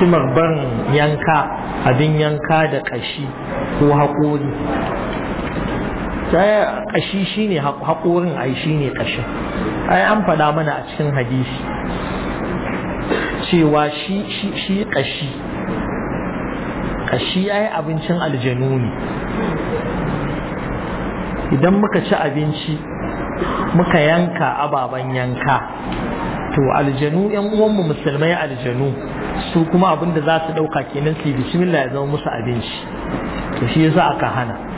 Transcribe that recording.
hikimar barin yanka abin yanka da kashi ko haƙori sai kashi shine haƙorin ai shine ƙashin ai an faɗa mana a cikin hadisi cewa shi shi shi kashi kashi ai abincin aljanu ne idan muka ci abinci muka yanka ababen yanka to aljanu yan uwanmu musulmai aljanu su kuma abin da za su ɗauka kenan su yi bismillah ya zama musu abinci to shi yasa aka hana